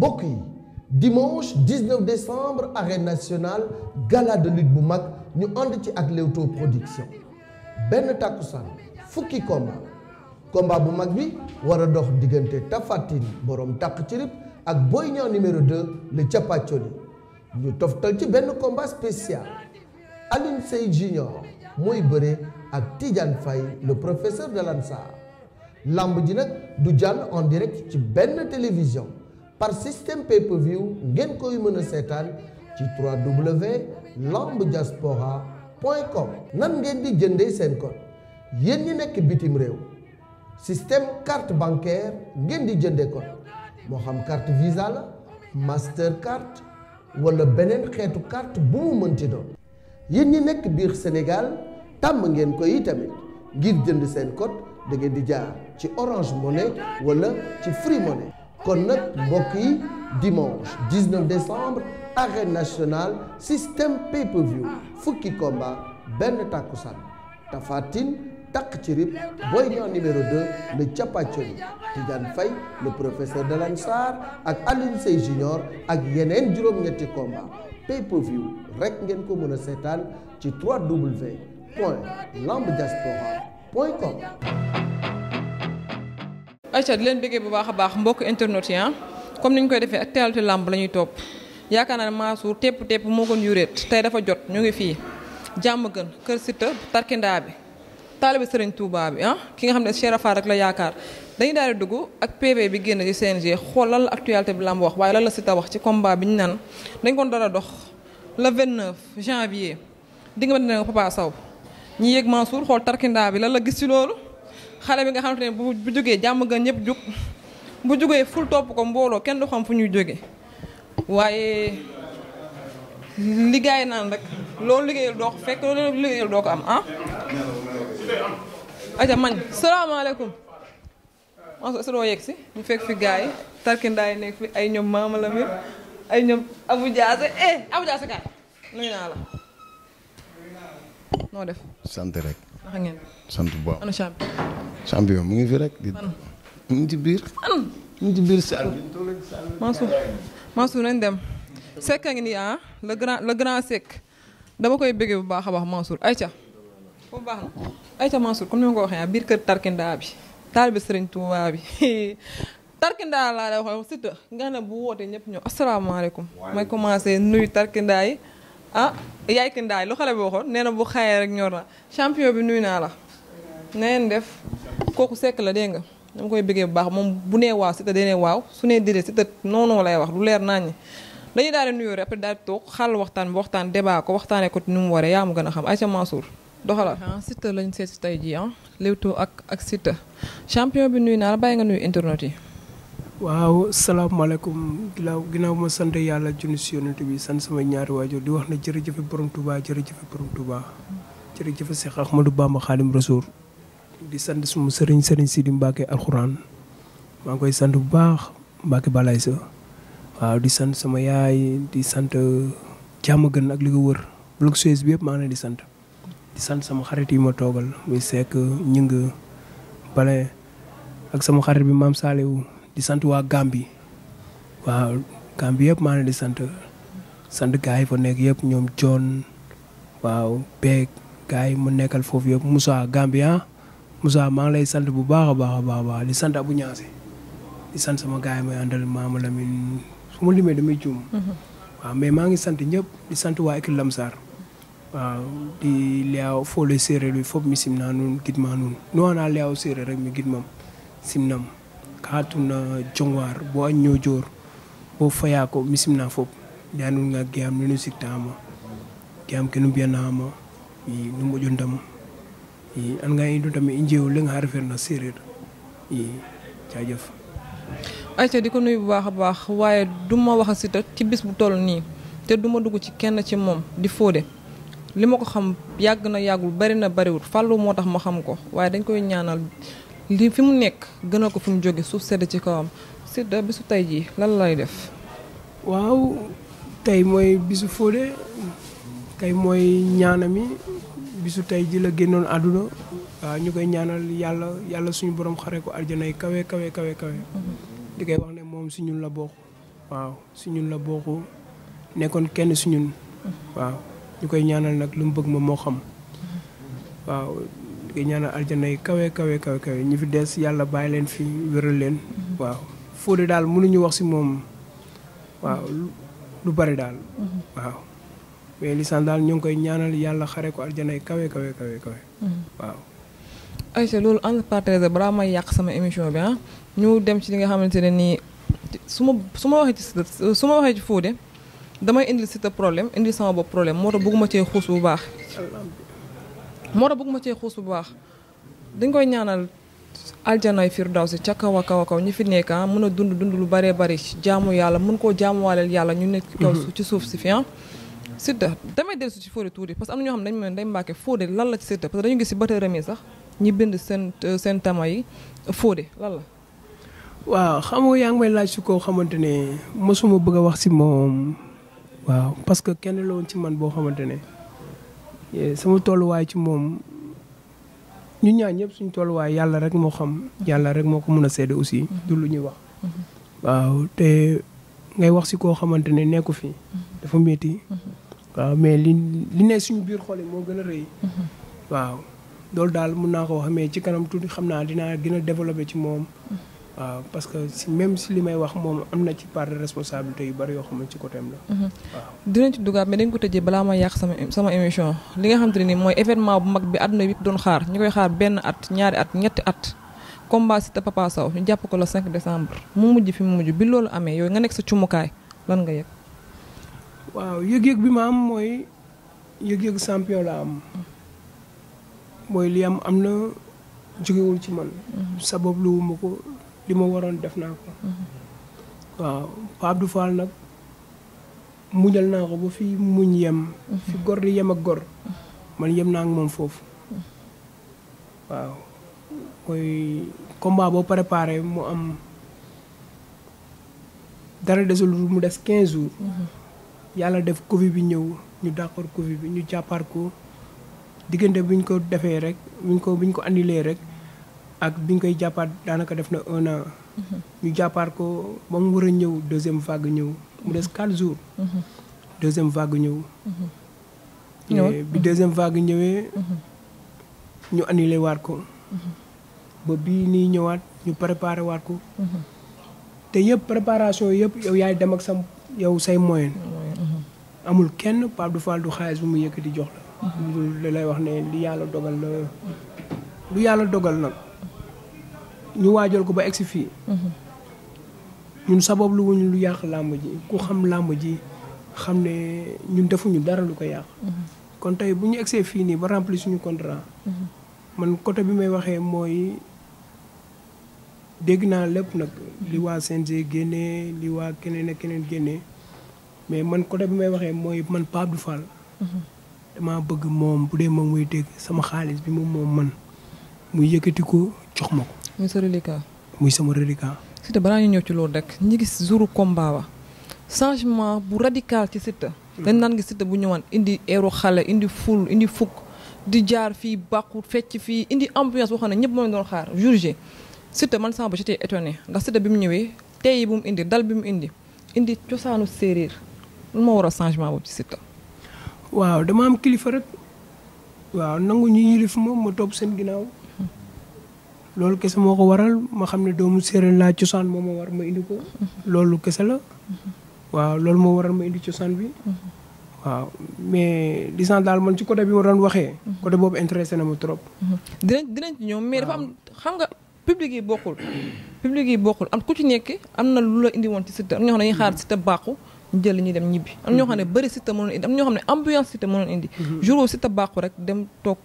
bokk yi dimanche 19 décembre arène nationale gala de lutte bu mag ñu ànd ci ak Leewtoo production benn takkusaan fukki combat combat bu mag bi wara dox diggante Tapha Tine borom takk ci ak Boy Niang numéro 2 le ñu toftal ci benn combat spécial Alioune Seye Junior mooy bëre ak Tidiane fay le professeur de l'Ansar lamb ji nag du jàll en direct ci benn télévision par système pay-per-view ngeen koy mën a seetaan ci 3W lambdiaspora point com nan ngeen di jëndee seen code yéen ñi nekk bitim réew système carte bancaire ngeen di jëndee code moo xam carte Visa la Mastercard wala beneen xeetu carte bu mu mënti doon yéen ñi nekk biir Sénégal tàmm ngeen koy yi ngir jënd seen code da ngeen di jaar ci Orange Money wala ci Free Money kon nag mbokk yi dimanche 19 décembre arène nationale système pay-per-view fukki combat benn takkusaan Tapha Tine takk ci rib Boy Niang numéro 2 le capacoli Tidiane Faye le professeur de Lansar ak Alioune Seye Junior ak yeneen juróom-ñetti combat pay-per-view rek ngeen ko mën a seetaan ci 3w point lambdiaspora ayca di leen bëggee bu baax a baax mbokk internet yi ah. comme ni ñu koy defee actualité làmb la ñuy topp yaakaar naa ne Mansour tepp tepp moo gën yuréet tey dafa jot ñu ngi fii jàmm gën kër Siteu tarkindaa bi taalibe Serigne Touba bi ah. ki nga xam ne Cheikh Rafa rek la yaakaar dañuy daal di dugg ak PV bi génn ci CNG xool lan la actualité bi làmb wax waaye lan la Siteu wax ci combat bi ñu naan dañ ko dara dox le 29 janvier di nga mën ne Papa Sow ñi yéeg bi lan la gis ci loolu. xale bi nga xam ne bu bu jógee jàmm nga ñëpp jug bu jógee ful topp ko mbooloo kenn du xam fu ñuy jóge waaye liggéey naan rek loolu liggéeyal doo ko fekk loolu liggéeyal doo ko am ah. aja mañ salaamaaleykum. maa ngi soo yegg si ñu fekk fi gars yi tarkindaay nekk fi ay ñoom Maama Lamine ay ñoom Abou Diassé eh kaay nuyu naa la. noo def. sant rek. wax ngeen. sant bu baax. champion mu ngi fi rek. di mu ngi ci biir. mu ngi bi. Mansour Mansour nañ dem. sekk a ngi nii ah le grand le dama koy béggee bu baax a baax Mansour ayca. foofu baax na ayca Mansour comme ni ma ko waxee ah biir kër tarkindaa bi taalibe Sëriñ Tuubaa bi Tarkinda laa lay wax surtout nga bu wootee ñëpp ñëw asalaamaaleykum. may commencé nuyu Tarkinda yi ah yaay Kinda yi lu xale bi waxoon nee na bu xayee rek ñor na champion bi nuyu naa la. na ngeen def kooku sekk la dégg nga dama koy bëggee bu baax moom bu nee waaw Siteu dene waaw su ne déedéet Siteu noonu lay wax lu leer naa ñi dañuy daal di nuyoo rek après daal di toog xàll waxtaan bi waxtaan débat ko waxtaanee ko nu mu waree yaa mu gën a xam Aïcha Mansour doxala ah, Siteu lañ seet si tey jii am ah, Leewtoo ak ak Siteu champion bi nuyu naa la bàyyi nga nuyu internet yi. waaw salaamaaleykum ginnaaw ginnaaw ma sant yàlla junni si yonent bi sant sama ñaari di wax ne jërëjëf borom Touba jërëjëf borom Touba jërëjëf Cheikh Ahmadou Bamba Khadim Rasoul di sant suma sëriñ sëriñ Sidi Mbacke alxuraan maa ngi koy sant bu baax Mbacke Balaye sa waaw di sant sama yaay di sant euh, jàmm gën ak li ko wër bi yëpp maa ngi di sant. sant sama xarit yi ma toogal muy Seck ñëng bale ak sama xarit bi maam Saliou di sant waa Gambie waaw yëpp maa di sant sant gars yi fa nekk yëpp ñoom John waaw beeg gars yi mu nekkal foofu yëpp Moussa Gambia Moussa maa ngi lay sant bu baax a baax a baax a baax di sant Abou Niassé di sant sama gars yi may àndal mm-hmm. Maama sant sant waa équipe Lamsar. mi simnaa nuun gidmaa nuun nuwaanaa leew séeréer rek mi gidmam nu mbiyanaama i an ga idutame i njeewo leŋ xa refeer na sereer i jaajëf Aïcha di ko nuyu bu baax a baax waaye du ma wax a Siteu ci bis bu toll nii te duma dugg ci kenn ci moom di Fodé li ma ko xam yàgg na yàggul bari na bariwul fàllu moo tax ma xam ko waaye dañ koy ñaanal li fi mu nekk gëna ko fi mu jóge suuf sedd ci kawam Siteu bisu tey jii lan lay def waaw tey mooy bisu Fodé tey mooy ñaanami bisu tey ji la génnoon àdduna waaw ñu koy ñaanal yàlla yàlla suñu borom xare ko àjjana yi kawe kawe kawe di koy wax ne moom si ñun la bokk waaw si ñun la bokk nekkoon kenn si ñun waaw ñu koy ñaanal nag lu mu bëgg ma moo xam waaw di koy ñaanal àjjana yi kawe kawe kawe kawe ñi fi des yàlla bàyyi leen fi wéral leen waaw Fodé daal mënuñu wax si moom waaw lu bari daal waaw mais Lissane daal ñu ngi koy ñaanal yàlla xare ko aljana yi kawe kawe kawe kawe. Mm-hmm. waaw. Aïcha loolu entre parenthèses balaa may yàq sama émission bi ah ñu dem ci li nga xamante ne nii su ma su waxee ci Siteu su ma waxee ci Fodé damay indil Siteu problème indil sama bopp problème moo tax bëgguma cee xuus bu baax. moo tax bëgguma cee xuus bu baax dañ koy ñaanal. aljanay si ca kaw a kaw a kaw ñi fi nekk ah mën a dund dund lu bëree bëri jaamu yàlla mën koo jaamuwaaleel yàlla ñu nekk ci mm-hmm. ci suuf si ah. Siteu damay dellusi ci Fodé tuuti parce que am na ñoo xam ne dañu mel ci Siteu sax ñi bind seen euh, seen tama yi Fodé lan la. waaw xam nga yaa ngi may laaj si koo xamante ne mosuma bëgg a wax si moom waaw parce que kenn la ci man boo xamante ne eh, sama tolluwaay ci moom ñu ñaan ñëpp suñ tolluwaay yàlla rek moo xam yàlla rek moo ko mën a seede aussi. du lu ñuy wax. Mhm. waaw te ngay wax si koo xamante ne nekku fi. dafa métti. Mhm. waaw mais li li ne suñu biir xol moo gën a rëy. Mm-hmm. waaw loolu daal mun naa ko wax mais ci kanam tuuti xam naa dinaa gën a développé ci moom. Mm-hmm. waaw parce que si même si li may wax moom am na ci part de responsabilité yu bari yoo xam ne ci côté am la. Mm-hmm. waaw dinañ ci dugaat mais dañ ko tëjee balaa ma yàq sama sama émission li nga xam te ne nii mooy événement bu mag bi àdduna bi doon xaar ñu koy xaar benn at ñaari at ñetti at. combat Siteu Papa Sow ñu jàpp ko la cinq décembre mu mujj fi mu mujj bi loolu amee yooyu nga nekk sa cumukaay lan nga waaw yëg-yëg bi ma am mooy yëg-yëg champion la am mooy li am am na jógewul ci man mhm. sabab lu ma ko li ma waroon def naa ko mhm. waaw Pape Abdou Fall nag muñal naa ko ba fi muñ yem mhm. fi gor di yem ak gor man yem naa ak moom foofu waaw mooy combat boo préparé mu am dara desul mu des quinze jours yàlla def Covid bi ñëw ñu d'accord Covid bi ñu jàppaat ko diggante bi ñu ko defee rek bi ñu ko bi ko annulé rek ak bi ñu koy jàppaat daanaka def na un an. Mm-hmm. ñu jàppaat ko ba mu war a ñëw deuxième vague ñëw mu des mm-hmm. quatre jours. Mm-hmm. deuxième vague ñëw. bi deuxième vague ñëwee. ñu annulé waat ko. ba bii nii ñëwaat ñu préparé waat ko. te yëpp préparation yëpp yow yaay dem ak sa yow say moyen. amul kenn Pape Abdou Fall du xaalis bu mu yëkkati jox la. li lay wax ne li yàlla dogal la lu yàlla dogal nag ñu waajal ko ba egsi fii. ñun sabab lu wuñ lu yàq làmb ji ku xam làmb ji xam ne ñun defuñu dara lu ko yàq. kon tey bu ñu egsee fii nii ba remplir suñu contrat. man côté bi may waxee mooy dégg naa lépp nag. li waa CNG génnee li waa keneen ak keneen génnee. mais man côté bi may waxee mooy man Pape Abdou Fall. damaa bëgg moom bu dee moom muy dégg sama xaalis bi moom moom man muy yëkkati ko jox ma ko. muy sa reliquat. muy sama reliquat. Siteu balaa ñu ñëw ci loolu rek ñu gis jouru combat wa changement bu radical ci Siteu. dañ naan ngi Siteu bu ñëwaan indi eeru xale indi ful indi fukk di jaar fii bàqu fecc fii indi ambiance boo xam ne ñëpp moo doon xaar jour J man sama ba j'étais étonné ndax Siteu bi mu ñëwee tey bi mu indi dal bi mu indi indi cosaanu séeréer. lu ma waral changement boobu ci Siteu. waaw dama am kilifa rek waaw nangu ñu yilif ma ma topp seen ginnaaw loolu kese moo ko waral ma xam ne doomu séeréer laa cosaan moo ma war ma ko loolu kese la waaw loolu moo waral ma indi cosaan bi waaw mais di sant daal man ci côté bi ma waxee. côté boobu intéressé na ma trop. dinañ dinañ ci ñoom mais dafa am xam nga public yi bokkul. public yi bokkul am ku ci nekk am na lu la indi woon ci Siteu am na ñoo xam ne xaar Siteu baaxu. ñu jël ñu dem ñibbi. am ñoo xam ne mhm. bëri Siteu mënoon indi am ñoo xam ne ambiance Siteu mënoon indi. Mhm. jour boobu Siteu rek dem toog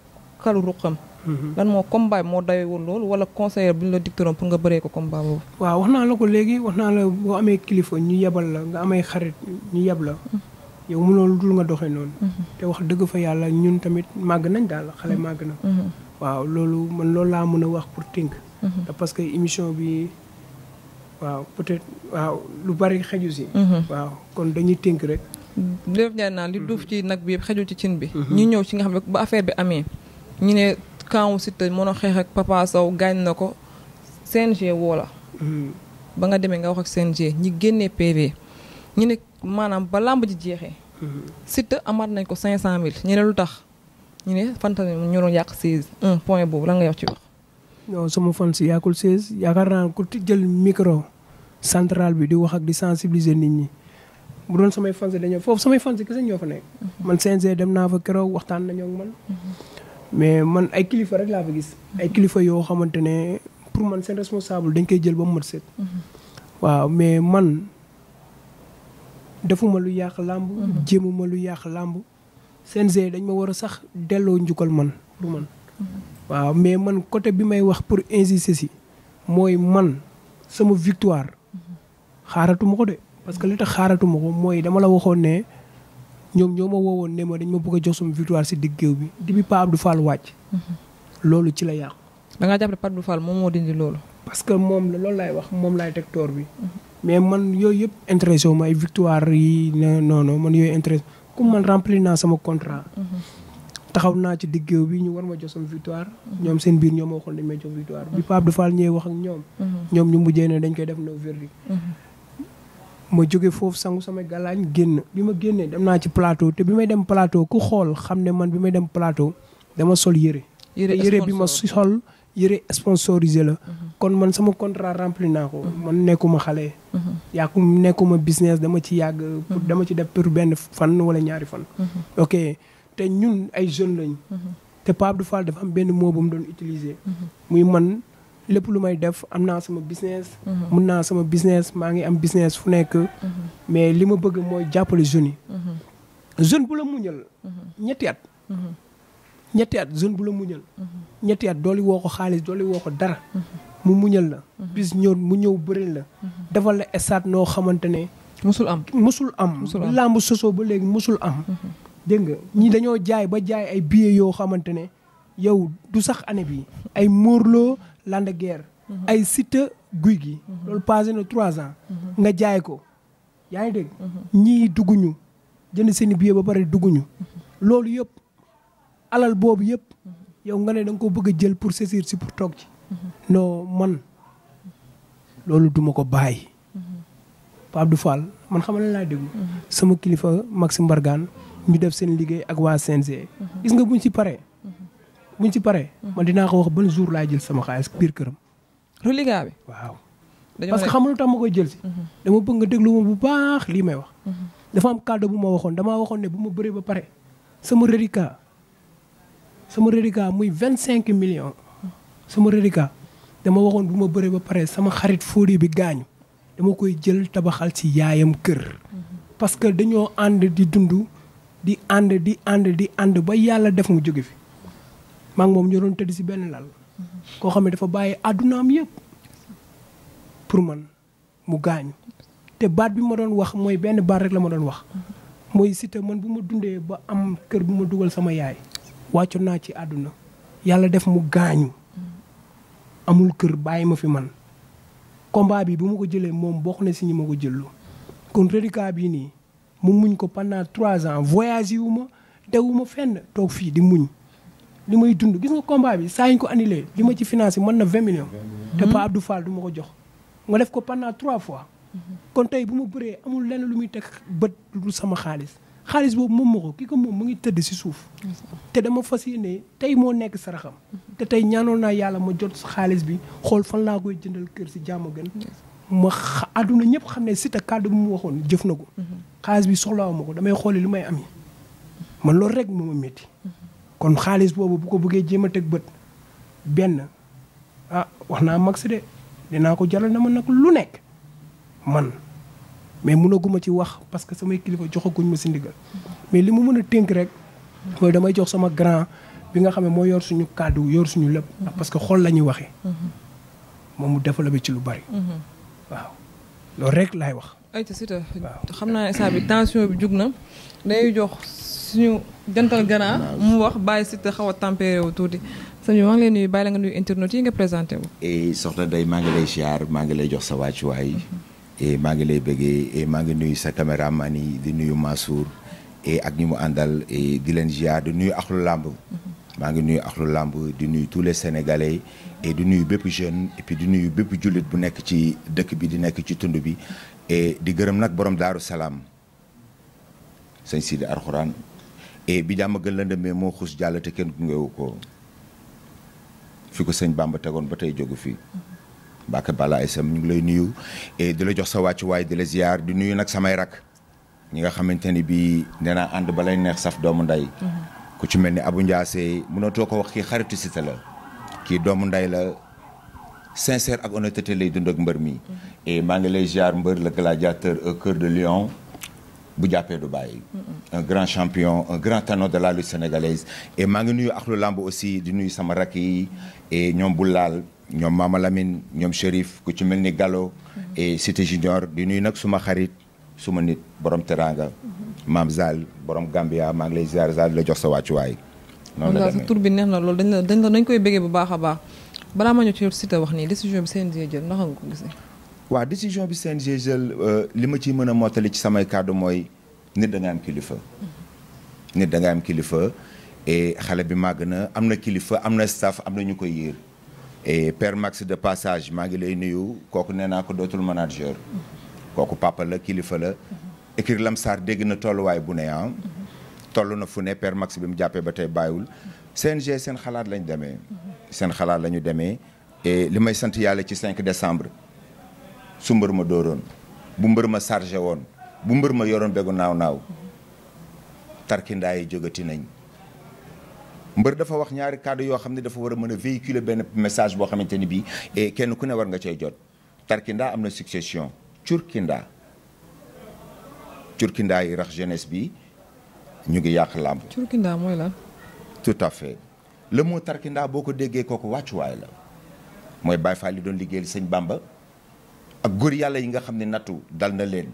kalu ruqam. Mhm. lan moo combat moo dawee woon loolu wala conseiller bu ñu la dicteroon pour nga bëree ko combat boobu. waaw wax naa la ko léegi wax naa la boo amee kilifa ñu yebal la nga amay xarit ñu yeb la. yow mënoo lu dul nga doxee noonu. te wax dëgg fa yàlla ñun tamit màgg nañ daal xale màgg na. waaw loolu man loolu laa mën a wax pour tënk. waaw peut-être waaw lu bari xeju si. Mhm. waaw kon dañuy tënk rek. léegi ñaan naa li duuf ci nag bi yëpp xeju ci cin bi. Mhm. ñu ñëw ci nga xam ne ba affaire bi amee. ñu ne kaawu Siteu moo a xeex ak Papa Sow gaañ na ko CNG woo la. Mhm. ba nga demee nga wax ak CNG ñi génnee PV. ñu ne maanaam ba làmb ji jeexee. Siteu amaat nañ ko 500000 ñu ne lu tax. ñu ne fanta ñu doon yàq si un point boobu lan nga wax ci wax. non sama fan si yaakul 16 yaakaar naa ko ku jël micro central bi di wax ak di sensibiliser nit ñi bu doon samay fan si dañoo samay fan si ñoo fa nekk. Mhm. man CNG dem naa fa keroog waxtaan nañoo ak man. Mhm. mais man ay kilifa rek laa fa gis. ay kilifa yoo xamante ne pour man seen responsable dañ koy jël ba mu mat set. Mhm. waaw mais man defuma lu yàq làmb. jimuma lu yàq làmb. CNG dañ ma war a sax delloo njukkal man pour man. waaw mais man côté bi may wax pour insister si mooy man sama victoire xaaratuma ko de parce que li tax xaaratuma ko mooy dama la waxoon ne ñoom ñoo ma woowoon ne ma dañ ma bëgg a jox sama victoire si diggéew bi di bi Pa Abdou Fall wàcc loolu ci la yàqu dangaa ngaa jàpp ne Pa Abdou Fall moom moo dindi loolu parce que moom la loolu laay wax moom laay teg toor bi mais man yooyu yëpp intéressé wu ma ay victoire yi non non man yooyu intéressé comme man remplir naa sama contrat taxaw naa ci diggéew bi ñu war ma jox sama victoire ñoom seen biir ñoom ma waxoon dañ may jox victoire bi Pape Dufal ñëwee wax ak ñoom mhm. ñoom ñu mujjee ne dañ koy def no verdict mhm. ma jóge foofu sangu sama galaañ génn bi ma génnee dem naa ci plateau te bi may dem palaato ku xool xam ne man bi may dem plateau dama sol yëre yëre bi ma sol yëre sponsorisé la mhm. kon man sama contrat rempli naa ko man nekkuma xale yaaku nekkuma business dama ci yàgg pour dama ci def pour benn fan wala ñaari fan te ñun ay jeunes lañ. Mhm. te Pape Abdou Fall dafa am benn moo bu mu doon utiliser. Mhm. muy man lépp lu may def am naa sama business. mun mhm. naa sama business maa ngi am business fu nekk. mais li ma bëgg mooy jàppale jeunes yi. jeune bu la muñal. ñetti at. ñetti at jeune bu la muñal. ñetti at dooli woo ko xaalis dooli woo ko dara. mu muñal la. bis ñëw mu ñëw bëri la. defal la estaat noo xamante ne. musul am musul am. musul am làmb sosoo ba léegi musul am. dégg nga ñi dañoo jaay ba jaay ay billets yoo xamante ne yow du sax année bi ay Morlo Landa Guerre. Mhm. ay Siteu guy gi. Mhm. loolu passé na trois ans. Mhm. nga jaay ko yaa ngi dégg. ñii dugguñu jënd seeni billet ba pare dugguñu. loolu yëpp alal boobu yëpp. yow nga ne danga nga ko bëgg a jël pour saisir si pour toog ci. non man loolu duma ko bàyyi. Pape Abdou Fall man xam la naa déglu. sama kilifa Maxime Bargane ñu def seen liggéey ak waa CNG. Mhm. gis nga buñ ci pare mhm. buñ ci pare mhm. man dinaa ko wax ban jour laa jël sama xaalis biir këram. reliquat bi parce que xam lu ma koy jël si. dama bëgg nga déglu ma bu baax lii may wax. dafa am kàddu bu ma waxoon damaa waxoon ne bu ma bëree ba pare sama reliquat sama muy vingt cinq millions. sama reliquat dama waxoon bu ma bëree ba pare sama xarit Fodé bi gaañu dama koy jël tabaxal si yaayam kër. parce que dañoo ànd di dund di ànd di ànd di ànd ba yàlla def mu jóge fi maa ngi moom ñoo doon tëdd si benn lal koo xam ne dafa bàyyi àddunaam yëpp pour man mu gaañu te baat bi ma doon wax mooy benn baat la ma doon wax mooy Siteu man bu ma dundee ba am kër bu ma dugal sama yaay wàccu naa ci àdduna yàlla def mu gaañu amul kër bàyyi ma fi man combat bi bu ma ko jëlee moom bokk na si ñi ma ko jëllu kon reliquat bii nii mu muñ ko pendant trois ans voyagé wu ma dewuma fenn toog fii di muñ li may dund gis nga combat bi saa ñu ko annulé li ma ci financé man na vingt millions. te Pa Abdou Fall du ma ko jox. ma def ko pendant trois fois. kon tey bu ma bëree amul lenn lu muy teg bët lu sama xaalis xaalis boobu moom ma ko ki ko moom mu ngi tëdd si suuf. te dama fas yéene tey moo nekk saraxam. te tey ñaanoon naa yàlla ma jot xaalis bi xool fan laa koy jëndal kër si jàmm gën. ma xa àdduna ñëpp xam ne Siteu kàddu bi mu waxoon jëf na ko. Mhm. xaalis bi soxlawu ma ko damay xooli li may am yi man loolu rek moo ma mhm. kon xaalis boobu bu ko bëggee jéem a teg bët benn ah wax naa max de dinaa ko jaral na ma nag lu nekk man mais mënaguma ci wax parce que samay kilifa joxaguñ ma si mhm. mais li mu mën a tënk rek. mooy damay jox sama grand bi nga xam ne moo yor suñu kàddu yor suñu lépp. parce que xol la ñuy waxee. moom mu ci lu bari. loolu rek laay wax. ay te Siteu xam naa instant bi tension bi jug na day jox suñu jantal gannaaw mu wax bàyyi Siteu xaw a tempéré wu tuuti sëñ bi maa ngi lay nuyu bàyyi la nga nuyu internet yi nga présenté wu. Eh, soxna day maa ngi lay ziar maa ngi lay jox sa wàccuwaay. Mhm. Eh, maa ngi lay bëggee eh, maa ngi nuyu sa caméraman yi di nuyu Mansour. ak ñi mu àndal di leen ziar di nuyu axlu làmb mhm. maa ngi nuyu axlu làmb di nuyu tous les sénégalais. et di nuyu bépp jeune et di nuyu bépp jullit bu nekk ci dëkk bi di nekk ci tund bi di gërëm nag borom daaru salaam sëñ Sidi Arxuraan et bi jàmm gën la moo xuus jàll te kenn gungewu ko fi ko sëñ Bamba tegoon ba tey jógu fi Mbacke Bala ay sam ñu ngi lay nuyu di la jox sa wàccuwaay di la ziar di nuyu nag samay rak ñi nga xamante ni bii nee naa ànd ba lay neex saf doomu ndey mm-hmm. ku ci mel ni Abu Ndiasse mënatoo ko wax kii xaritu Siteu la kii doomu nday la sincère ak honnêteté lay dund mbër mi. et maa ngi lay ziar mbër la gladiateur au cœur de lion bu jàppee du bàyyi. un grand champion un grand ténor de la lutte sénégalaise. et maa ngi nuyu ak lamb aussi di nuy sama rakk yi et ñoom bu laal ñoom Mama Lamine ñoom Chérif ku ci mel ni Gallo. et Cité Junior di nuyu nag suma xarit suma nit borom teraanga. maam Zal borom Gambia maa ngi lay ziar Zal la jox sa wàccuwaay. noonu la sa tur bi neex na loolu dañ la dañ la dañ koy bëggee bu baax a baax balaa ma ñëw ci Siteu wax nii décision bi CNG jël ndax nga ko gisee. waaw décision bi CNG jël euh, li ma ciy mën a mottali ci samay kàddu mooy nit da am kilifa. Mm-hmm. nit da nga am kilifa et xale bi màgg na am na kilifa am na staff am na ñu koy yéer. et Père Max de passage maa ngi lay nuyu kooku nee naa ko dootul manager mm-hmm. kooku papa kilifa la. Mm-hmm. écrire lamsaar dégg na tolluwaay bu ne ah. toll na fu ne père Max bi mu jàppee ba tey bàyyiwul CNG seen xalaat lañ demee. seen xalaat la ñu demee et li may sant yàlla ci 5 décembre su mbër ma dooroon bu mbër ma chargé woon bu mbër ma yoroon begu naaw naaw tarkindaa yi jógati nañ. mbër dafa wax ñaari kàddu yoo xam ne dafa war a mën a véhiculer benn message boo xamante ni bii et kenn ku ne war nga cee jot tarkindaa am na succession curkindaa curkindaa yi rax jeunesse bi ñu ngi yàq làmp turkindaa mooy lan. tout à fait le mot tarkindaa boo ko déggee kooku wàccuwaay la mooy Baay Faal yi doon liggéeyal sëñ Bamba ak góor yàlla yi nga xam ne nattu dal na leen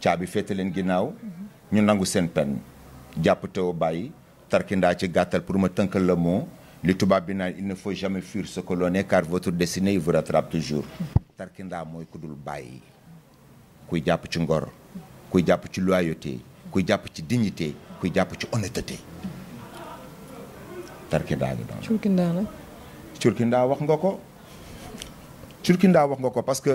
caabi féete leen ginnaaw ñu nangu seen pen jàpp te teew bàyyi tarkindaa ci gàttal pour ma tënkal le mot li tubaab bi naan il ne faut jamais fuir ce que l'on est car votre destinée vous rattrape toujours. tarkindaa mooy ku dul bàyyi kuy jàpp ci ngor kuy jàpp ci loyauté kuy jàpp ci dignité. kuy jàpp ci honnêteté tarkindaa gi doon curkindaa nag wax nga ko curkindaa wax nga ko parce que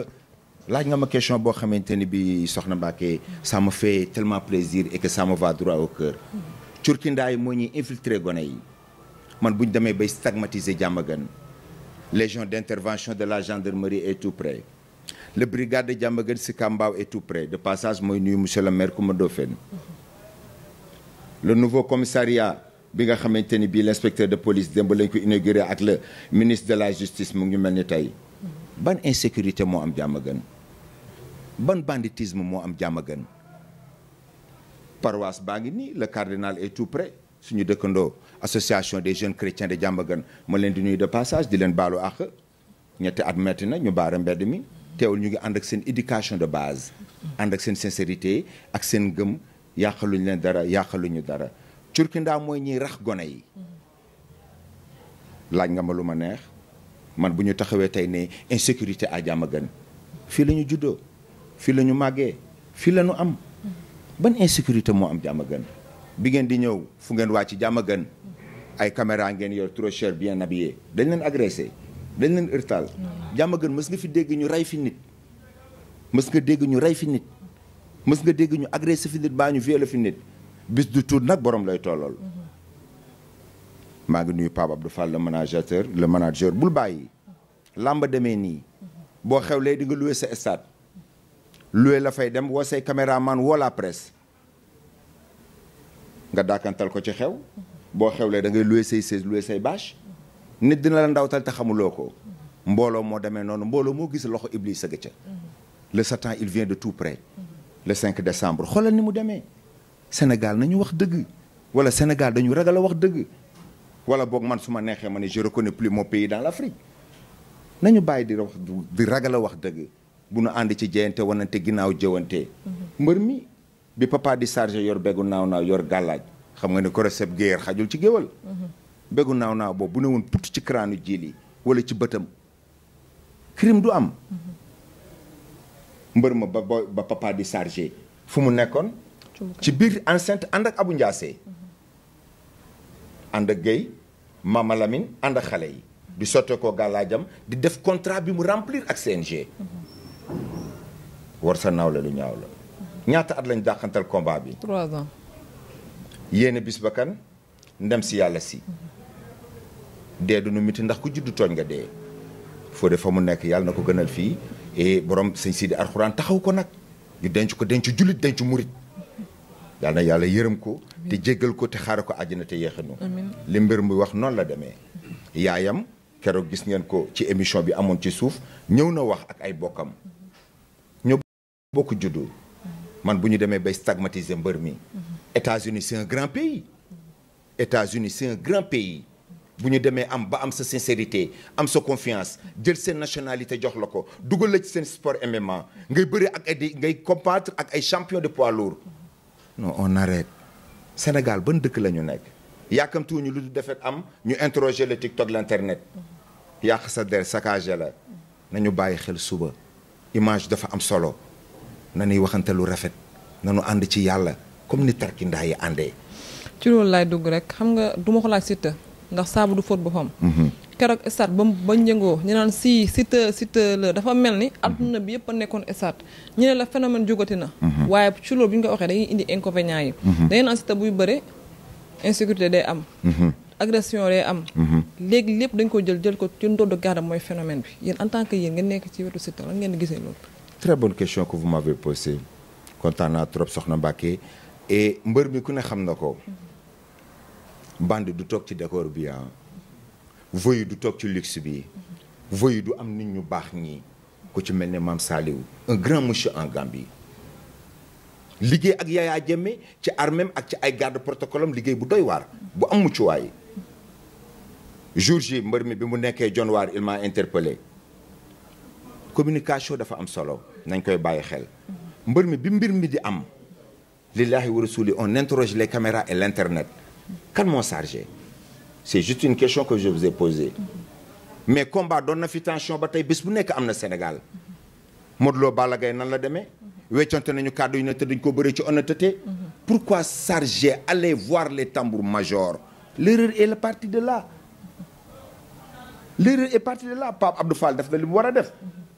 laaj nga ma question boo xamante ni bi soxna Mbacké ça me fait tellement plaisir et que ça me va droit au cœur curkindaa yi moo ñuy infiltre gone yi man bu ñu demee bay stigmatiser Diamaguène légion d'intervention de la gendarmerie est tout près le brigade de Diamaguène Sicap Mbao est tout près de passage mooy nuyu monsieur le maire Coumba Ndoffène le nouveau commissariat bi nga xamante ni bii l' inspecteur de police ba lañ ko inauguré ak le ministre de la justice mu ngi mel ni tey ban insécurité moo am jàmm ban banditisme moo am jàmm gën paroisse baa ngi nii le cardinal est tout près suñu dëkkandoo association des jeunes chrétiens de Diamaguène ma leen di nuyu de passage di leen baalu àq ñetti at metti na ñu baara mbedd mi teewul ñu ngi ànd ak seen éducation de base ànd ak seen sincérité ak seen ngëm yàqaluñ leen dara yàqaluñu dara curkindaa mooy ñiy rax gone yi mm-hmm. laaj nga ma lu ma neex man bu ñu taxawee tey ne insécurité à Diamaguène fii la juddoo fii la ñu màggee fii la ñu am mm-hmm. ban insécurité moo am Diamaguène bi ngeen di ñëw fu ngeen wàcc Diamaguène mm-hmm. ay caméra ngeen yor trop cher bien habillé dañ leen agressé dañ leen ërtal Diamaguène mës nga fi dégg ñu rey fi nit mas nga dégg ñu rey fi nit mës nga dégg ñu agressé fi nit baa ñu violé fi nit bis du tuut nag borom lay tollool maa ngi nuyu Pape Abdou Fall le manager le manager bul bàyyi làmb demee nii boo xewlee di nga loué sa stade loué la fay dem woo say caméraman woo la presse nga daakantal ko ci xew boo xewlee da ngay loué say chaise loué say bâche nit dina la ndawtal te xamuloo ko mbooloo moo demee noonu mbooloo moo gis loxo iblis sa gëcca le satan il vient de tout près le 5 décembre xoolal ni mu demee Sénégal nañu wax dëgg wala senegal dañu ragal a wax dëgg wala boog man su ma neexee ma ne ko reconnais plus mon pays dans l'Afrique nañu bàyyi di wax di ragal a wax dëgg bu nu ànd ci jeyante wanante ginnaaw jëwante mm-hmm. mbër mi bi papa di chargé yor beggu naaw naaw yor gàllaaj xam nga ne ko receb géer xajul ci géwal mm-hmm. beggu naaw naaw boobu bu ne woon put ci crâne u jili wala ci bëtam crime du am mm-hmm. mbër ma ba ba papa di chargé fu mu nekkoon. ci biir enceinte ànd ak Abu Ndiassé. ànd ak Guèye Mama ànd ak xale yi. di sotteekoo gàllaajam di def contrat bi mu remplir ak CNG. war sa naaw la lu ñaaw la. ñaata at lañ dàqantal komba bi. 3 ans. yéene bis ba ndem si yàlla si. dee du nu miti ndax ku juddu tooñ nga dee. foo de fa mu nekk yàlla na ko gënal fii. et borom sëñ Sidi Alxuraan taxaw ko nag ñu denc ko denc jullit denc murit yal na yàlla yërëm ko te jéggal ko te xaare ko àjjana te yeexanu li mbir mi wax noonu la demee yaayam keroog gis ngeen ko ci émission bi amoon ci suuf ñëw na wax ak ay bokkam ñoo bokk juddu man bu ñu demee bay stigmatiser mbër mi États-Unis c'est un grand pays États-Unis c'est un grand pays bu ñu demee am ba am sa sincérité am sa confiance jël seen nationalité jox la ko dugal la ci seen sport MMA ngay bëri ak ay ngay combattre ak ay champion de pois lour no on arrête Sénégal ban dëkk la ñu nekk yaakamtuwuñu lu du defet am ñu interroger le TikTok l'internet yàq sa der saccagé la na ñu bàyyi xel suba image dafa am solo na nañuy waxante lu rafet na nu ànd ci yàlla comme ni tarkindaa yi àndee ci loolu laay dugg rek xam nga du ma ko laaj Siteu ndax saabu du fóot boppam. Mhm. keroog stade ba ba njëngoo ñu naan si Siteu Siteu la dafa mel ni. Mhm. adduna bi yëpp a nekkoon stade ñee ne la phénomène jógati na. Mhm. waaye ci loolu bi nga waxee dañuy indi inconvénients yi. dañu naan Siteu buy bëre day am. agression day am. léegi lépp dañ ko jël jël ko ci ndodd gaadam mooy phénomène bi yéen en tant que yéen ngeen nekk ci wetu Siteu lan ngeen gisee loolu. très bonne question que vous m'avez posée kontaan naa trop soxna Mbacké et mbër mi ku ne xam na ko. bande du toog ci décor bi ah voyu du toog ci luxe bi voyu du am nit ñu baax ñi ku ci mel ne maam Saliou un grand monsieur en Gambie liggéey ak Yaya Jammeh ci armem ak ci ay garde protocole am liggéey bu doy waar bu am muccuwaay jour ji mbër mi bi mu nekkee John Waar il m'a communication dafa am solo nañ koy bàyyi xel mbër mi bi mbir mi di am lillahi wa rasuli on interroge les caméras et l'internet kan moo chargé c'est juste une question que je vous ai posée mais combat doon na fi tension ba tey bés bu nekk am na Sénégal Modou Lo Balla Gaye nan la demee weccante nañu kàddu yu ne te dañ ko bëri ci honnêteté pourquoi charger aller voir les tambours majors l'erreur est partie de là l'erreur est partie de là Pape Abdou Fall def na li mu war a def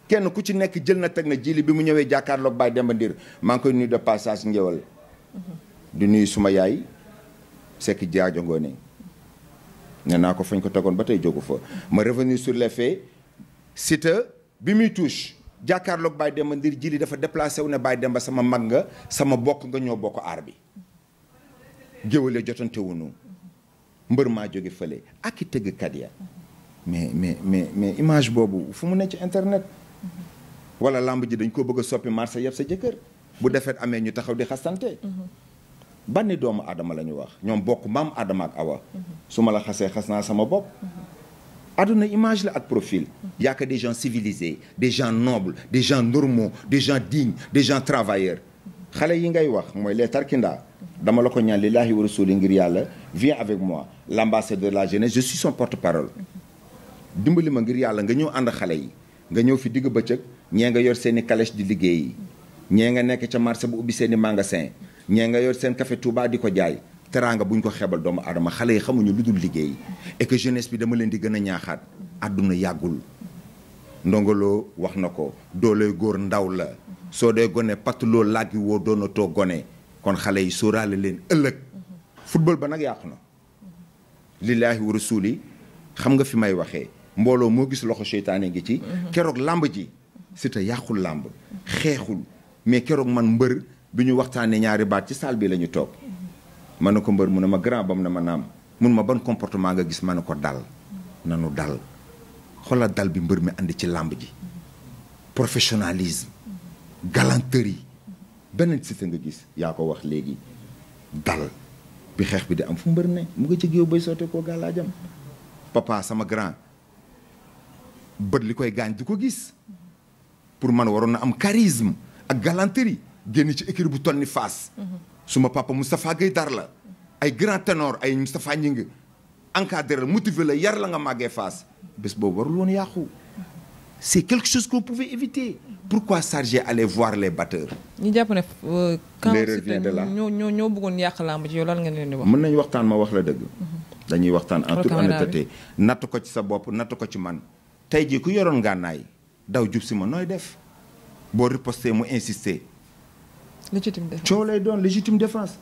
kenn ku ci nekk jël na teg na jili bi mu ñëwee jàkkaarloog Baye Demba Ndir maa ngi koy de passage ngéwal du nuyu suma yaay Seck Diadio Ngoné nee naa ko fañ ko tegoon ba tey jógu fa ma revenir sur les faits Siteu bi muy touche jàkkaarloog Baye Demba Ndir jili dafa déplacé wu ne Baye Demba sama mag nga sama bokk nga ñoo bokk aar bi géwale jotante wunu mbër maa jóge fële ak i tëggkat ya mais mais mais mais image boobu fu mu nekk ci internet wala lamb ji dañ ko bëgg soppi marché yëpp sa jëkkër bu defet amee ñu taxaw di xastante banni doomu aadama la ñu wax ñoom bokk maam aadama ak awa su ma la xasee xas naa sama bopp àdduna image la ak profil y a des gens civilisés des gens nobles des gens normaux des gens dignes des gens travailleurs xale yi ngay wax mooy les tarkinda dama la ko ñaan lillahi wa rasuli ngir yàlla viens avec moi l'ambassadeur de la jeunesse je suis son porte-parole dimbali ma ngir yàlla nga ñëw ànd xale yi nga ñëw fi digg bëccëg ñee nga yor seen i calèche di liggéey ñee nga nekk ca marché bu ubbi seen i magasin ñee nga yor seen café Touba di ko jaay teraanga buñ ko xebal doomu aadama xale yi xamuñu lu dul liggéey et que bi dama leen di gën a ñaaxaat àdduna yàggul ndongoloo wax na ko dooley góor ndaw la soo dee gone patuloo laaj woo doonatoo gone kon xale yi sóoraale leen ëllëg football ba nag yàqu na lillaahi wa rasuuli xam nga fi may waxee mbooloo moo gis loxo seytaane ngi ci mhm. keroog làmb ji si te yàqul làmb xeexul mais keroog man mbër bi ñu waxtaanee ñaari baat ci salle bii la ñu toog man ne ko mbër mu ne ma grand bam na ma naam mun ma ban comportement nga gis man ne ko dal nanu dal xoolal dal bi mbër mi andi ci làmb ji professionnalisme galanterie beneen Siteu nga gis yaa ko wax léegi dal bi xeex bi di am fu mbër ne mu nga ci géew bay soote koo gàllaajam papa sama grand bët li koy gaañ du ko gis pour man waroon na am charisme ak galanterie génn ci écurie bu toll ni Fass. suma papa Moustapha Guèye dar la. ay grand ténor ay Moustapha Ñing encadré la motivé la yar la nga màggee Fass bés boobu warul woon yàqu. c'est quelque chose qu'on pouvait éviter. pourquoi charger aller voir les batteurs. ñu jàpp ne. Euh, l'erreur vient de ñoo ñoo ñoo bëggoon yàq làmb ci yow lan nga leen di wax. mën nañu waxtaan ma wax la dëgg. dañuy waxtaan en natt ko ci sa bopp natt ko ci man. tey jii ku yoroon ngànnaay daw jub si ma nooy def boo riposté mu insister. légitime défense coow lay doon légitime défense.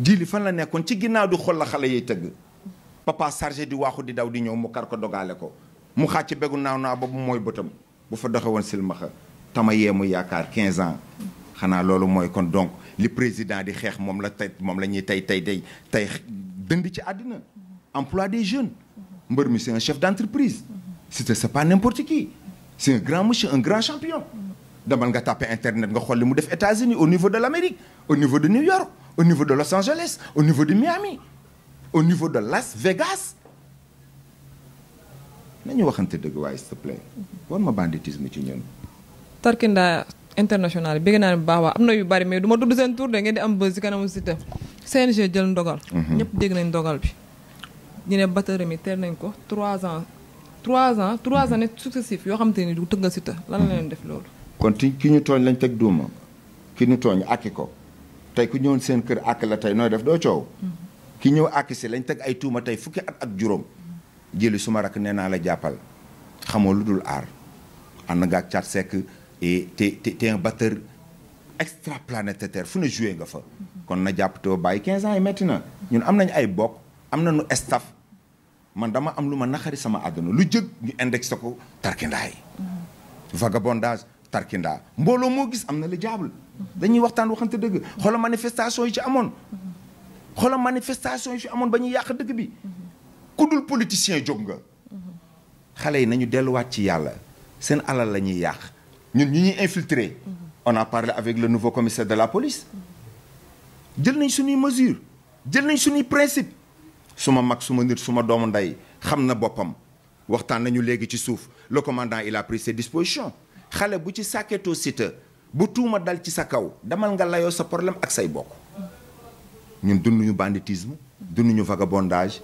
jiili fan la nekkoon ci ginnaaw du xol la xale yiy tëgg. papa chargé di waaxu di daw di ñëw mu kar ko dogaale ko mu xàcc beggu naaw naa boobu mooy bëtam bu fa doxe woon silmaxa tama yee mu yaakaar quinze ans. xanaa loolu mooy kon donc li président di xeex moom la tey moom la ñuy tey tey tey tey dënd ci àddina. emploi des jeunes. mbër mi c'est un chef d'entreprise. c'est c'est pas n'importe qui. c'est un grand monsieur un grand champion. demal nga tàppe internet nga xool li mu def États-Unis au niveau de l'Amérique au niveau de New York au niveau de Los Angeles au niveau de Miami au niveau de Las Vegas nañu waxante dëgg waaye s'il te plaît war ma banditisme ci ñun. Tarkinda international bëgg naa ne bu baax am na yu bari mais du ma tudd seen tour de ngeen di am bës si kanamu Siteu CNG ndogal. Mhm. ñëpp dégg nañ ndogal bi. ñu ne batterie mi teel nañ ko 3 ans 3 ans 3 années successifs yoo xam te ni du tëggal Siteu lan la leen def loolu. kon ki ñu tooñ lañ teg duuma ki ñu tooñ àkki ko tey ku ñëwoon seen kër àkk la tey nooy def doo coow mm-hmm. ki ñëw àkki si lañ teg ay tuuma tey fukki at ak juróom mm-hmm. jëli suma rakk nee naa la jàppal xamoo lu dul aar ànd nga ak Thiat Seck et te te un batteur extraplanétaire nga fa mm-hmm. kon na jàpp te bàyyi 15 ans yi métti na ñun am nañ ay bokk am na nañu staff man dama am lu ma naxari sama àdduna lu jëg ñu indexé ko tarkindaay vagabondage tarkindaa mbooloo moo gis am na la jaabul dañuy waxtaan waxante dëgg xoola manifestation yi ci amoon xoola manifestation yi ci amoon ba ñuy yàq dëgg bi ku dul politicien jóg nga xale yi nañu delluwaat ci yàlla seen alal la ñuy yàq ñun ñu ñuy infiltrer on a parlé avec le nouveau commissaire de la police jël nañ suñuy mesure jël nañ suñuy principe su ma mag su ma nit suma ma doomu ndey xam na boppam waxtaan nañu léegi ci suuf le commandant il a pris ses dispositions xale bu ci sàkketoo sita bu tuuma dal ci sa kaw demal nga layoo sa problème ak say bokk ñun dunduñu banditisme dunduñu vagabondage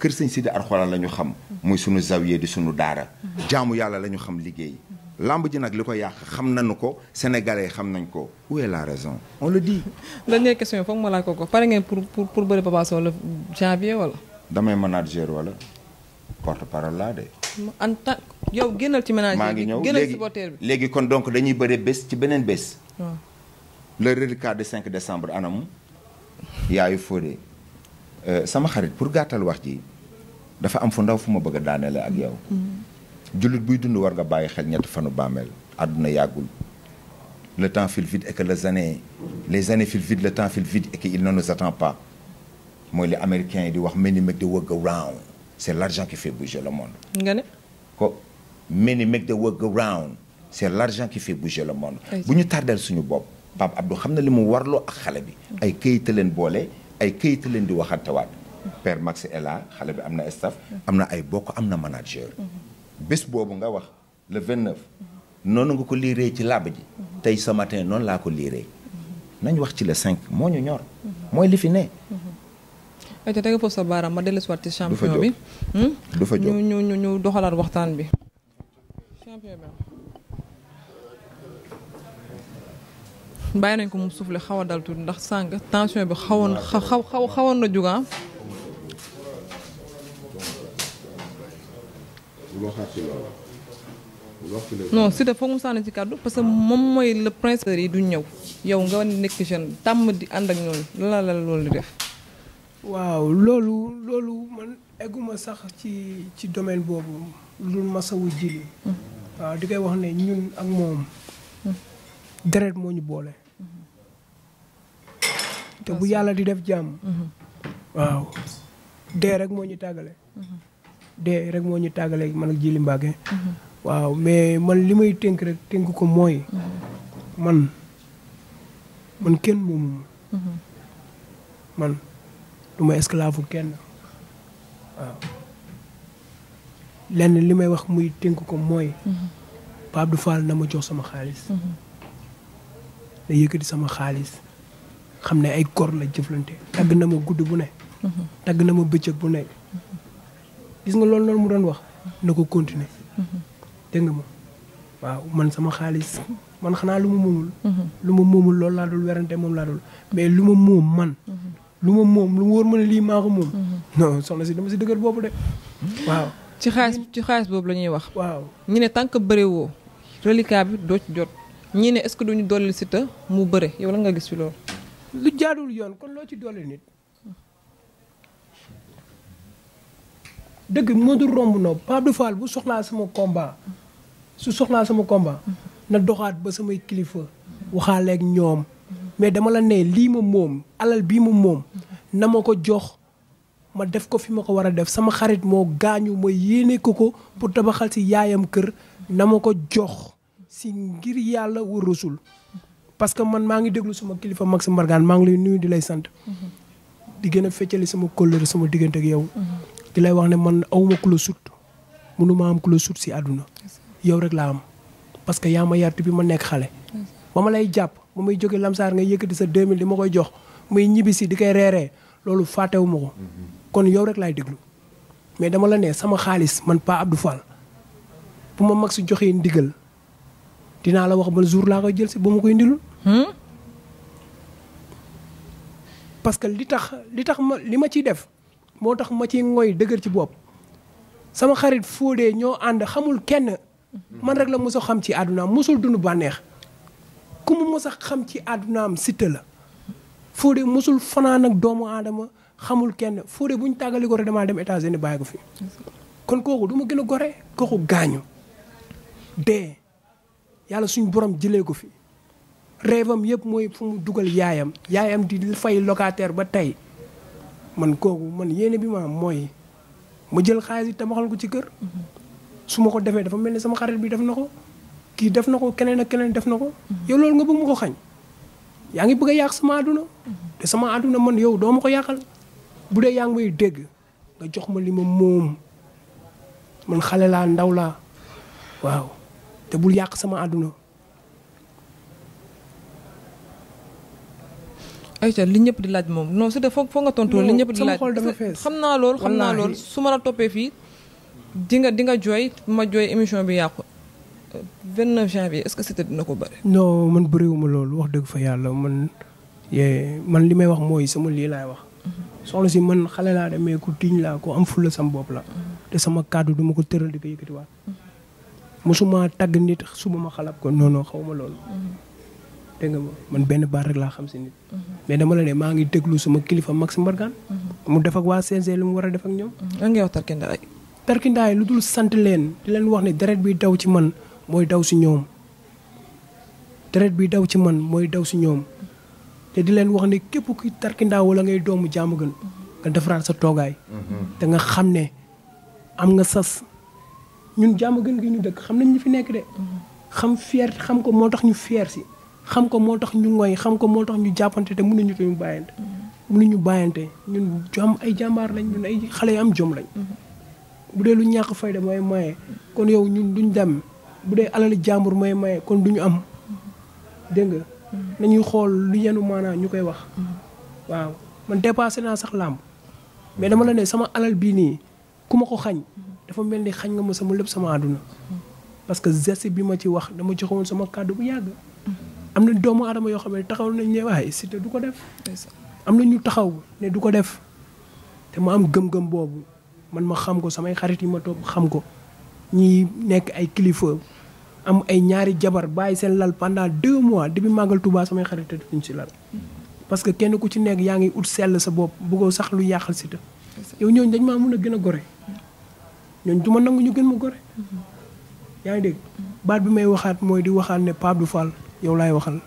kër sëñ Sidi Alxuraan la ñu xam muy sunu zawiye di sunu daara jaamu yàlla la ñu xam liggéey lamb ji nag li ko yàq xam na nu ko sénégalais xam nañ ko où la raison on le dit dernière question foog ma laaj ko ko pare ngeen pour pour pour bëri Papa Sow le janvier wala damay manager wala porte parole laa de yow génnal ci ménage maa ngi ñëw léegi léegi kon donc dañuy bëree bés ci beneen bés. le reliquat de 5 décembre anam yaayu Fodé euh, sama xarit pour gàttal wax ji dafa am fu ndaw fu ma bëgg a daaneel ak yow. Mm-hmm. jullit buy dund war nga bàyyi xel ñetti fanu bàmmeel àdduna yàggul. le temps le vite et que les années les années filent vite le temps file vite et que il ne nous attend mooy li américain yi di wax many make the world go round c' est l' argent qui fait le monde. nga ne ko. many make the work go round c'est l'argent qui fait bouger le monde bu ñu tardeel suñu bopp Pape Abdou xam na li mu warloo ak xale bi ay këyita leen boole ay këyita leen di waxantewaat Père Max est xale bi am na staff am na ay bokk am na manager mm-hmm. bés boobu nga wax la 29 noonu nga ko liiree ci làbb ji mm-hmm. tey ce matin noonu laa ko liiree mm-hmm. nañ wax ci le 5 moo ñu ñor mooy li fi ne ayca tega foofu sa baaraam ma dellusiwaat ci champion bi du fa hmm? jóg ñu ñu ñu waxtaan bi champion bàyyi nañ ko mu soufflé xaw a dal tuuti ndax sànq tension bi xawoon xaw xaw xawoon na jóg ah. si foog mu sànni ci kàddu parce que moom mooy le prince yi du ñëw yow nga nekk jeune tàmm di ànd ak ñooñu lan la loolu di def. waaw loolu loolu man egguma sax ci ci domaine boobu lu masawu ji waaw di koy wax ne ñun ak moom. deret moo ñu boole. te bu yàlla di def jàmm. Mhm. waaw dee rek moo ñu tàggale. Mhm. dee rek moo ñu tàggale man ak Djily Mbacké. Mhm. waaw mais man li tënk rek tënk ko mooy. man man kenn moomu man du ma kenn waaw. lenn li may wax muy tënk ko mooy. Mhm. Pape Abdou Fall na ma jox sama xaalis. Mhm. na yëkkati sama xaalis xam ne ay kor la jëflante tagg na ma gudd bu ne. Mhm. tagg na ma bëccëg bu ne. gis nga lool noonu mu doon wax na ko continuer. dégg ma waaw man sama xaalis man xanaa lu ma moomul. lu ma moomul lu ma moom man. lu ma moom lu ma wóor ma ne lii maa moom. non si dama si dëgër boobu de waaw. ci xaalis xaalis boobu la ñuy wax. waaw ñu ne tant que bëre woo reliquat bi doo ci jot. ñii ne est-ce que duñu si Siteu mu bëre yow la nga gis ci loolu. lu jaarul yoon kon loo ci dolli nit. dëgg moo dul romb noonu Pape Abdou Fall bu soxlaa sama combat su soxlaa sama combat na doxaat ba samay kilifa waxaaleeg ñoom mais dama la ne lii ma moom alal bii ma moom na ma ko jox ma def ko fi ma ko war a def sama xarit moo gaañu ma yéene ko ko pour tabaxal si yaayam kër na ma ko jox si ngir yàlla war rasul parce que man maa ngi déglu suma kilifa mag sa Mbargane maa ngi lay nuyu di lay sant di gën a feccali sama kóllëre sama diggante ak yow di lay wax ne man awma ku la sut mënuma am ku la sut si àdduna yow rek laa am parce que yaa ma yar bi ma nekk xale ba ma lay jàpp ba may jóge lamsaar nga yëkkati sa 2000 di ma koy jox muy ñibbi di koy reeree loolu fàttewu ma ko kon yow rek laay déglu mais dama la ne sama xaalis man paa Abdou Fall bu ma mag si joxee ndigal dinaa la wax ba jour laa koy jël si ba ma koy ndilul hmm? parce que li tax li tax ma li ma ciy def moo tax ma ci ngoy dëgër ci bopp sama xarit Fodé ñoo ànd xamul kenn man rek la mosa xam ci àddunaam mosul dund bànneex ku mu mos xam ci àddunaam Siteu la Fodé mosul fanaan ak doomu aadama xamul kenn Fodé bu ñu tàggali ko rek damaa dem États-Unis bàyyi ko fi. kon kooku du ma gën a gore kooku gaañu de yàlla suñu borom jëlee ko fi rêvam yëpp mooy fu mu dugal yaayam yaayam di fay locataire ba tey man kooku man yéene bi ma mooy ma jël xaalis yi tabaxal ko ci kër su ma ko defee dafa mel ni sama xarit bi def na ko kii def na ko keneen ak keneen def na ko yow loolu nga bëgg ma ko xañ yaa ngi bëgg a yàq sama àdduna te sama àdduna man yow doo ma ko yàqal bu dee yaa ngi may dégg nga jox ma li ma moom man xale laa ndaw laa waaw te bul yàq sama àdduna. ayca li ñëpp di laaj moom non c'est foog foog nga tontu li ñëpp di laaj xam naa lool xam naa lool su ma la toppee fii di nga di nga jooy ma jooy émission bi yàqu. 29 janvier est-ce que c'était dina ko bëri. non man bëriwuma loolu wax dëgg fa yàlla man man li may wax mooy sama lii laay wax. soxla si man xale laa de mais ku tiñ laa ko am fulla sama bopp la te sama kàddu duma ko tëral di ko yëkkatiwaat mosuma tagg nit suma ma xalab ko non non xaw ma loolu dégg nga man benn baat rek laa xam si nit mais dama la ne maa ngi déglu sama kilifa Max Mbargane mu def ak waa CNG lu mu war a def ak ñoom lan ngay wax tarkindaay tarkindaay lu dul sant leen di leen wax ne deret bi daw ci man mooy daw si ñoom deret bi daw ci man mooy daw si ñoom te di leen wax ne képp kuy tarkindaa wala ngay doomu jàmm gën nga defaraat sa toogaay. Mm-hmm. te nga xam ne am nga sas ñun jàmm gën gi ñu dëkk xam nañ ñu fi nekk de. Mm-hmm. xam fier xam ko moo tax ñu fier si xam ko moo tax ñu ngoy xam ko moo tax ñu jàppante te mënuñu te ñu bàyyante. Mm-hmm. mënuñu bàyyante ñun jom ay jàmbaar lañ ñun ay xale yi am jom lañ. bu dee lu ñàkk fayda mooy maye kon yow ñun duñ dem bu dee alal jàmbur mooy maye kon duñu am dégg nga nañuy xool lu yenu maanaam ñu koy wax. waaw man dépassé naa sax làmp mais dama la ne sama alal bii nii ku ma ko xañ. dafa mel ni xañ nga ma sama lépp sama àdduna. parce que geste bi ma ci wax dama joxewoon sama kàddu bu yàgg. am na doomu aadama yoo xam ne taxaw nañ ne waaye Siteu du ko def. am na ñu taxaw ne du ko def te ma am gëm-gëm boobu man ma xam ko samay xarit yi ma toog xam ko ñi nekk ay kilifa. am ay ñaari jabar bàyyi seen lal pendant deux mois depuis màggal Touba samay xarit duñ si lal parce que kenn ku ci nekk yaa ngi ut sell sa bopp bëggoo sax lu yàqal si te yow ñooñu dañ maa mun a gën a gore ñooñu du ma nangu ñu gën ma gore yaa ngi dégg baat bi may waxaat mooy di waxaat ne Pape du Fall yow laay waxal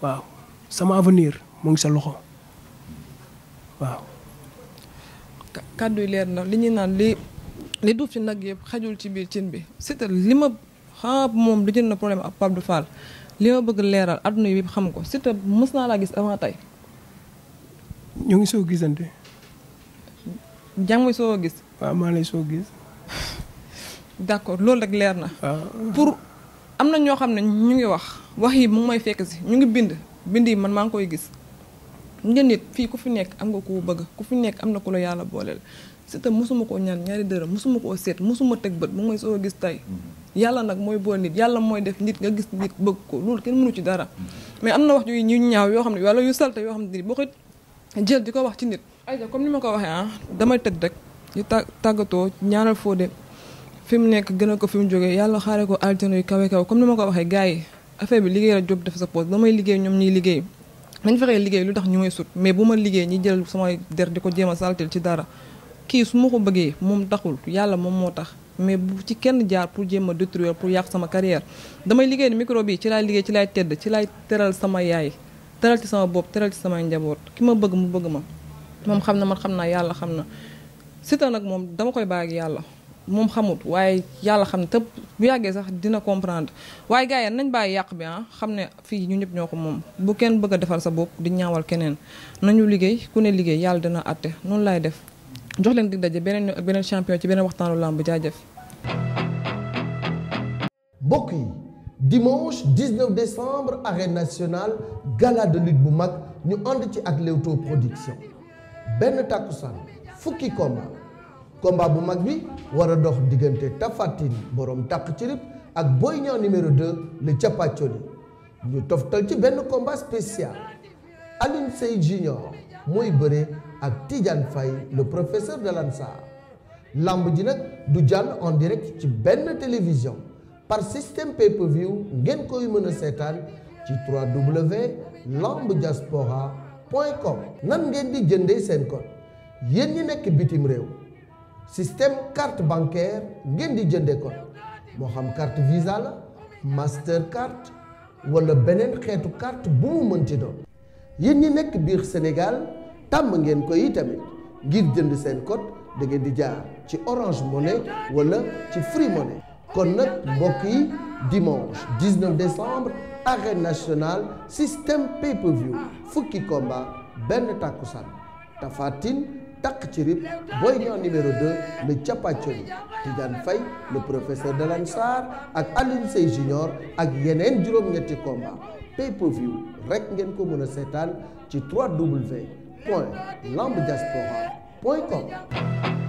waaw sama avenir mu ngi sa loxo waaw kàddu yi leer na li ñuy naan li li duuf ci nag yëpp xajul ci biir cin bi c'est li ma xam moom lijjël na problème ak Pape Abdou Fall li bëgg leeral adduna yi xam ko Siteu mës gis avant tey. ñoo ngi soo gisante. jàmm soo gis. waaw soo gis. d'accord loolu rek leer na. Ah. pour am na ñoo xam ne ñu ngi wax wax yi mu may fekk si ñu ngi bind bind yi man maa ngi koy gis. ngeen nit fii ku fi nekk am nga koo bëgg ku fi nekk am na ku la yàlla booleel Siteu mosuma koo ñaan ñaari dërëm mosuma koo seet mosuma teg bët mu ngi soo gis tey. Mm-hmm. yàlla nag mooy boo nit yàlla mooy def nit nga gis nit bëgg ko loolu kenn mënu ci dara mais am na wax yu ñu ñaaw yoo xam ne wala yu salte yoo xam ne boo ko jël di ko wax ci nit ayda comme ni ma ko waxee ah damay tëdd ñu ta tàggatoo ñaanal Fodé fi mu nekk gën a ko fi mu jógee yàlla xaaree ko altine yu kawe kawe ni ma ko waxee gars yi affaire bi liggéey la job def sa ñoom ñuy liggéey nañ fexee liggéey lu tax ñu may sut mais bu ma liggéey ñi jël samay der di ko jéem a saltel ci dara kii su ma ko bëggee moom taxul yàlla moom moo tax mais bu ci kenn jaar pour jéem a détruire pour yàq sama carrière damay liggéey ni micro bi ci laay liggéey ci lay tedd ci laay teral sama yaay teral ci sama bopp teral ci sama njaboot ki ma bëgg mu bëgg ma moom xam na man xam naa yàlla xam na Siteu nag moom dama koy bàgg yàlla moom xamut waaye yàlla xam ne te bu yàggee sax dina comprendre waaye gars yi nañ bàyyi yàq bi ah xam ne fii ñu ñëpp ñoo ko moom bu kenn bëgg a defal sa bopp di ñaawal keneen nañu liggéey ku ne liggéey yàlla dina àtte noonu laay def jox leen dig daje beneen beneen champion ci beneen waxtaanu làmb jaajëf. mbokk yi dimanche 19 décembre arène national gala de lutte bu mag ñu ànd ci ak Leewtoo production benn takkusaan fukki combat combat bu mag bi war a dox diggante Tapha Tine borom takk ci ak Boy Niang numéro 2 le capacoli ñu toftal ci benn combat spécial Alioune Seye Junior mooy bëre. ak Tidiane fay le professeur de l'Ansar làmb ji nag du jàll en direct ci benn télévision par système pay-per-view ngeen koy mën a seetaan ci 3w lambdiaspora point com nan ngeen di jëndee seen code yéen ñi nekk bitim réew système carte bancaire ngeen di jëndee code moo xam carte Visa la Mastercard wala beneen xeetu carte bu mu mënti doon yéen ñi nekk biir Sénégal tàmm ngeen ko yi tamit ngir jënd seen code da ngeen di jaar ci Orange Money wala ci Free Money kon nag mbokk yi dimanche 19 décembre arène nationale système pay fukki combat benn takkusaan Tapha Tine takk ci rib Boy Niang numéro 2 le capacholi Tidiane Faye le professeur de Lansar ak Alioune Seye Junior ak yeneen juróom-ñetti combat pay-per-view rek ngeen ko mën a seetaan ci trois 3W point lambdiaspora point com